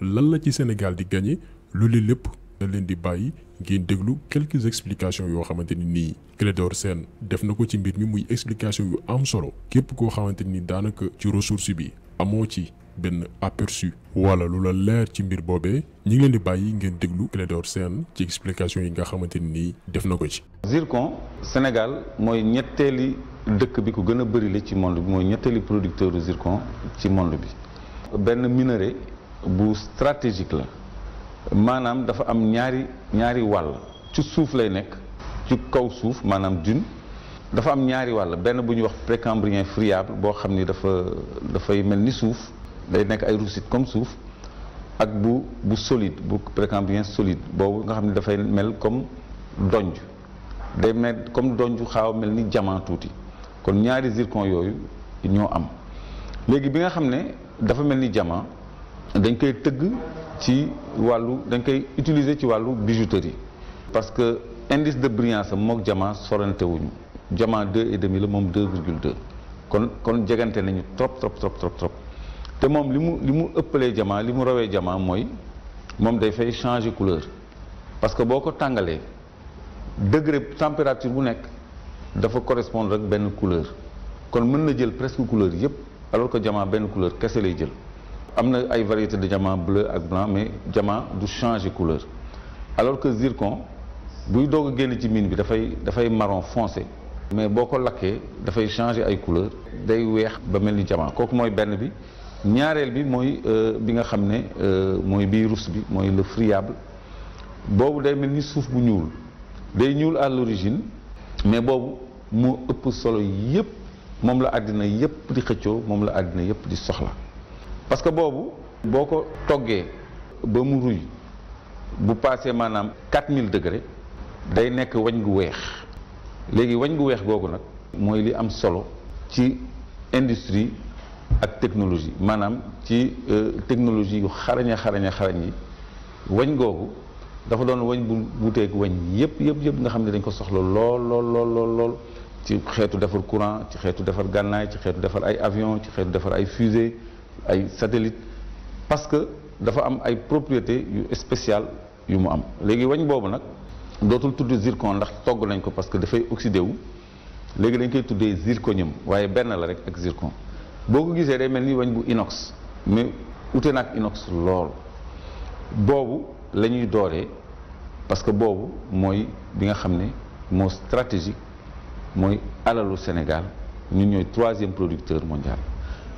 lan la ci Sénégal di gagné loolu lepp na len di bayyi ngeen déglu quelques explications yo xamanteni ni def explication yu am solo képp ko xamanteni danaka ci ressource bi ci aperçu wala lula la leer ci mbir bobé ñi ngi di ngeen explication yi nga xamanteni def zircon Sénégal moy les dëkk bi ko gëna a bëri ci monde bi zircon ci minerai bu stratégique la maanaam dafa am ñaari ñaari wàll ci suuf lay nekk ci kaw suuf maanaam dune dafa am ñaari wàll benn bu ñuy wax précambrien friable boo xam ni dafa dafay mel ni suuf day nekk ay russite comme suuf ak bu bu solide bu précambrien solide boobu nga xam ne dafay mel comme donj day mel comme donj xaaw mel ni diamant tuuti kon ñaari zircon yooyu ñoo am léegi bi nga xam ne dafa mel ni diamant dañ koy teug ci walu dañ koy utiliser ci walu bijouterie parce que indice de brillance mok jama diamant sorante wuñu jama 2 et demi le mom 2,2 kon kon jegante nañu trop trop trop trop trop té mom limu limu ëppalé jama limu rawé jama moy mom day fay changer couleur parce que boko tangalé degré température bu nek dafa correspondre ak ben couleur kon mën na jël presque couleur yépp alors que jama ben couleur kessé lay jël amna ay variétés de diamant bleu ak blanc mais diamant du changer couleur alors que zircon buy doog guen ci mine bi da fay marron foncé mais boko ko da fay changer ay couleur day wéx ba melni ni diamant kooku mooy benn bi ñaarel bi mooy euh, bi nga xamné ne euh, mooy bii rus bi moy le friable bobu day melni ni bu ñuul day ñuul à l'origine mais bobu mo ëpp solo yépp mom la adina yépp di xëccio mom la adina yépp di soxla parce que boobu boo ko toggee ba mu ruy bu paasee maanaam 4000 degré day nekk wañ gu weex léegi wañ gu weex googu nag mooy li am solo ci industrie ak technologie maanaam ci euh, technologie yu xaraña xaraña xarañ yi wañ googu dafa doon wañ bu wuteeg wañ yëpp yëpp yëpp nga xam ne dañ ko soxla lool lool lool lool ci xeetu defar courant ci xeetu defar gànnaay ci xeetu defar ay avion ci xeetu defar ay fusée ay satellite parce que dafa am ay propriété yu spéciale yu mu am léegi wañ boobu nag dootul tudd zircon ndax togg nañ ko parce que dafay oxydé wu léegi dañ koy tuddee zirconium waaye benn la rek ak zircon boo ko gisee day mel ni wañ bu inox mais ute na ak inox lool boobu la ñuy dooree parce que boobu mooy bi nga xam ne moo stratégique mooy alalu Sénégal ñu ñooy troisième producteur mondial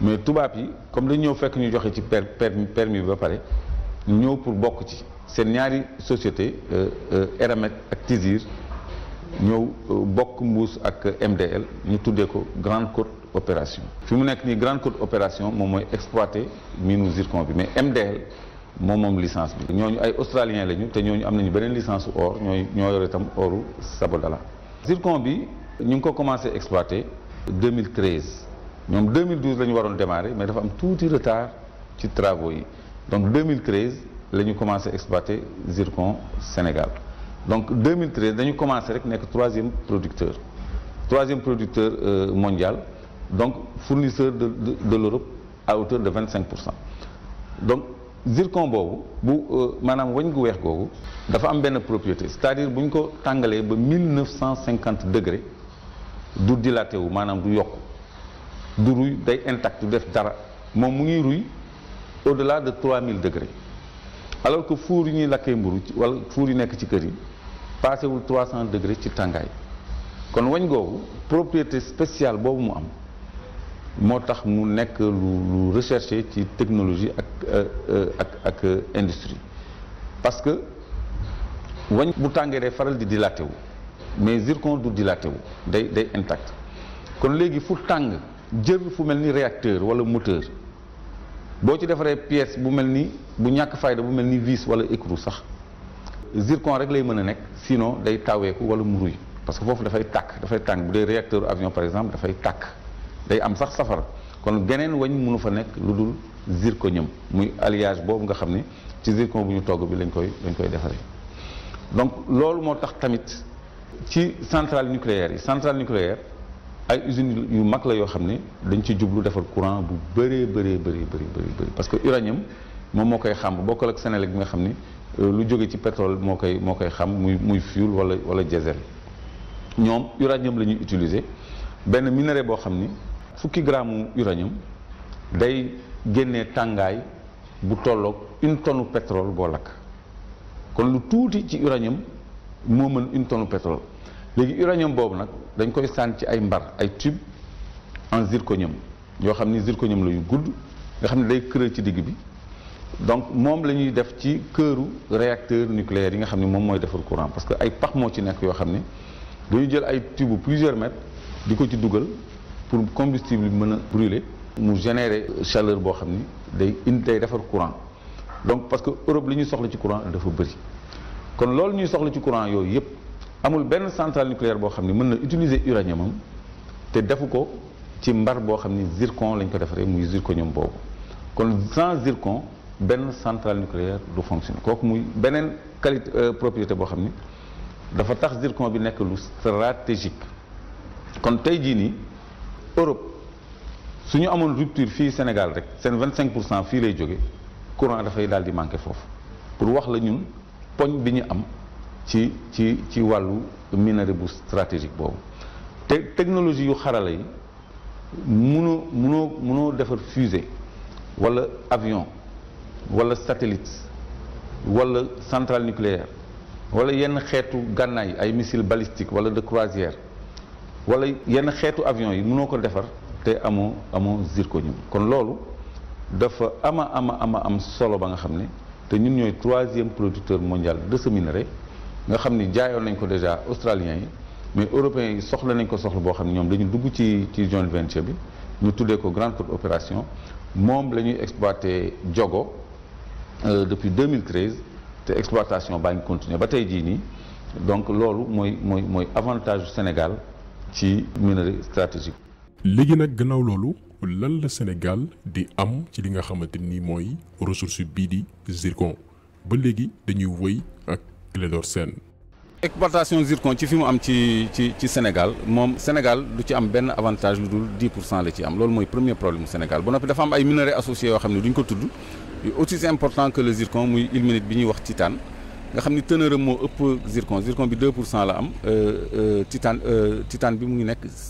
mais tout bas comme nous avons fait que nous avons été permis de parler nous pour beaucoup de ces n'yari société euh, euh, RMT Actizir nous euh, beaucoup mous avec MDL nous fait déco grande courte opération puis nous avons une grande courte opération nous avons exploité nous Zirconbi, mais MDL avons une licence nous sommes australiens nous avons une licence or nous nous aurions été or sabordala Zirconbi, nous avons commencé à exploiter en 2013 en 2012 nous avons démarré, mais nous avons tout tuuti retard ci travaux Donc donc 2013 nous avons commencé à exploiter zircon Sénégal donc 2013 nous avons commencé avec le troisième producteur troisième producteur euh, mondial donc fournisseur de l'Europe à hauteur de 25 donc zircon Bou, bu euh, maanaam une avons bien propriété c'est-à-dire que nous ko 1950 degrés du dilaté wu du du ruy day intact du def dara moom mu ngi ruy au-delà de 3000 degrés alors que four yi ñuy lakkee mburu wala four yi nekk ci kër yi 300 degrés ci tàngaay kon wañ googu propriété spéciale boobu mu am moo tax mu nekk lu recherché ci technologie ak euh, ak ak euh, industrie parce que wañ bu tàngee day faral di dilaté mais zircon du dilaté wu day day intact kon léegi fu tàng jël fu mel ni réacteur wala moteur boo ci defaree pièce bu mel ni bu ñàkk fayda bu mel ni vis wala écrou sax zircon rek lay mën a nekk sinon day taweeku wala mu ruy parce que foofu dafay tàkk dafay tànk bu dee réacteur avion par exemple dafay tàkk day am sax safara kon geneen wañ mënu fa nekk lu dul zirconium muy alliage boobu nga xam ni ci zircon bu ñu togg bi lañ koy lañ koy defaree donc loolu moo tax tamit ci central nucléaire yi centrale nucléaire ay usines yu mag la yoo xam ne dañ ci lu defar courant bu bëree bëree bëri bëri bëri parce que uranium moom moo koy xàmb bokkal ak Senelec bi nga xam ni euh, lu jóge ci pétrole moo koy moo koy xam muy muy fuel wala wala diesel ñoom uranium la ñuy utiliser benn minerai boo xam ni fukki gramme uranium day génnee tàngaay bu tolloog une tonne pétrole boo lakk kon lu tuuti ci uranium moo mën une tonne pétrole léegi uranium bobu nak dañ koy sànni ci ay mbar ay tube en zirconium yo xamni zirconium la yu gudd nga xamni day creux ci dig bi donc mom lañuy def ci cœuru réacteur nucléaire yi nga xamni mom moy mooy courant parce que ay pax mo ci nek yo xamni ne dañu jël ay tube plusieurs mètres diko ci dugal pour combustible bi brûler mu générer chaleur bo xamni day indi day defal courant donc parce que Europe li soxla ci courant dafa bëri kon lool ñuy soxla ci courant yooyu yépp amul Ben centrale nucléaire bo xamni ni mën na utiliser uranium am te defu ko ci mbar bo xamni zircon lañ ko defaree muy zirconium bobu kon sans zircon Ben centrale nucléaire du fonctionner kok muy Benen qualité euh, propriété bo xamni dafa tax zircon bi nek lu stratégique kon tey ni Europe suñu amone rupture fi Sénégal rek sen 25 fi lay jóge courant dafay daal di manquer foofu pour wax la ñun pogne bi ñu am. ci ci ci wàllu minerai bu stratégique boobu te technologie yu xarala yi mënoo mënoo mënoo defar fusée walla avion walla satellite walla centrale nucléaire walla yenn xeetu gànnaay ay missile balistique walla de croisière walla yenn xeetu avion yi munoo ko defar te amoo amoo zirconium kon loolu dafa ama ama ama am solo ba nga xam ne te ñun ñooy troisième producteur mondial de ce minerai nga xam ni jaayoon nañ ko déjà australiens mais européens yi soxla nañ ko soxla boo xam ne ñoom dañu dugg ci ci joint venture bi ñu tuddee ko grande côte opération moom la ñuy exploité Diogo euh, depuis 2013 te exploitation baa ngi continuer ba tey jii nii donc loolu moy, moy, moy, avantage du Sénégal ci minerais stratégiques. léegi nag gannaaw loolu lan Sénégal di am ci li nga xamante ni mooy ressource di zircon ba léegi dañuy wëy ak. Clédor Sène exploitation zircon ci fi mu am ci ci Sénégal le Sénégal du ci am ben avantage du 10 pour cent la ci am premier problème Sénégal ba noppi dafa am ay minerais associés yoo xam ne duñ ko aussi important que le zircon muy ilménite bi ñuy wax titane nga xam ni teneur am moo zircon zircon bi 2 le euh, euh, titane euh, titane bi ngi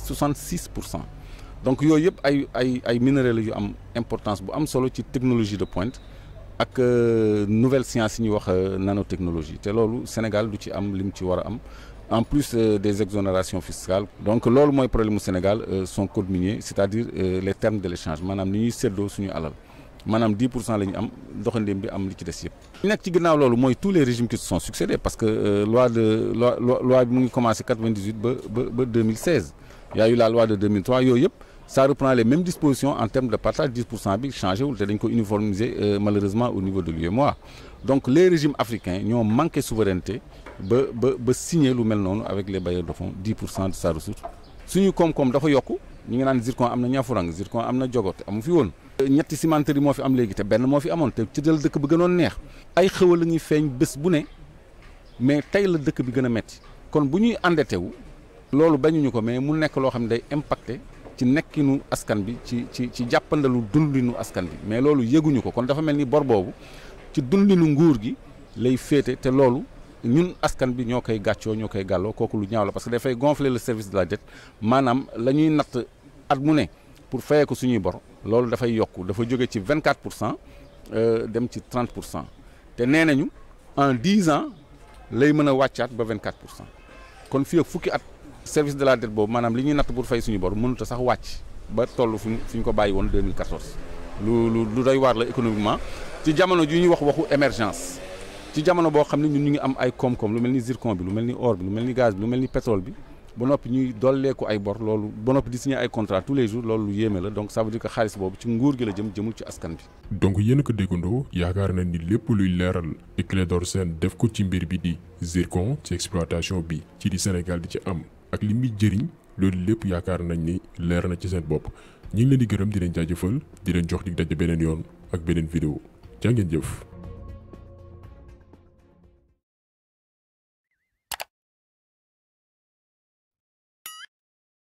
66 donc il y a ay ay minerais la yu am importance bu am solo ci technologie de pointe ak euh, nouvelle science yi wax euh, nanotechnologie té lolu Sénégal du ci am lim ci wara am en plus euh, des exonérations fiscales donc lolu le problème Sénégal son code minier c'est-à-dire les termes de l'échange Nous, ni ñuy suñu alal manam 10 lañu am doxandéem bi am li ci dess yépp nek ci lolu moy tous les régimes qui se sont succédés parce que loi de loi loi bi mu ngi commencé 98 ba ba en 2016 y a eu la loi de 2003 ça reprend les mêmes dispositions en termes de partage 10% bi changé ou te dañ ko uniformiser euh, malheureusement au niveau de l'UEMOA donc les régimes africains ont manqué souveraineté ba ba ba signer lu mel avec les bailleurs de fonds 10% de sa ressource suñu koom comme dafa yokku ñi ngi zircon amna na ñafurang zircon amna des jogote amu fi won ñetti cimenterie mo fi am légui te ben mo fi nous te ci dal dëkk bi gënoon neex ay xewal ñi feñ feeñ bu ne mais tay la dëkk bi gëna metti kon bu ñuy endetté wu lolu bañuñu ko mais mu nekk lo day impacter ci nekkinu askan bi ci ci ci jàppandalu dundinu askan bi mais loolu yëguñu ko kon dafa mel ni bor boobu ci dundinu nguur gi lay féete te loolu ñun askan bi ñoo koy gàccoo ñoo koy gàlloo kooku lu ñaaw la parce que dafay gonfler le service de la dette maanaam la ñuy natt at mu ne pour fayee ko suñuy bor loolu dafay yokk dafa jóge ci 24 pour cent euh, dem ci 30 pour cent te nee nañu en 10 ans lay mën a wàccaat ba 24 pour cent kon fii ak fukki at service de la dette boobu manam liñuy nat pour fay suñu bor mënuta sax wacc ba tollu fi ñu ko bàyyi 2014 lu lu lu doy war la économiquement ci jamono ji ñuy wax waxu émergence ci jamono bo xamni ñun ñu ngi am ay kom kom lu melni zircon bi lu melni or bi lu melni gaz bi lu melni pétrole bi ba nopi ñuy dolleeku ay bor loolu ba nopi di signé ay contrat tous les jours loolu lu yéeme la donc ça veut dire que xaliss boobu ci nguur gi la jëm jëmul ci askan bi. donc yene ko déggandoo yaakaar na ni lepp luy leeral Clédor sen def ko ci mbir bi di zircon ci exploitation bi ci di Sénégal di ci am. ak li muy jëriñ loolu lépp yaakaar nañ ni leer na ci seen bopp ñu ngi leen di gërëm di leen jaajëfal di leen jox di daje beneen yoon ak beneen vidéo jaa ngeen jëf.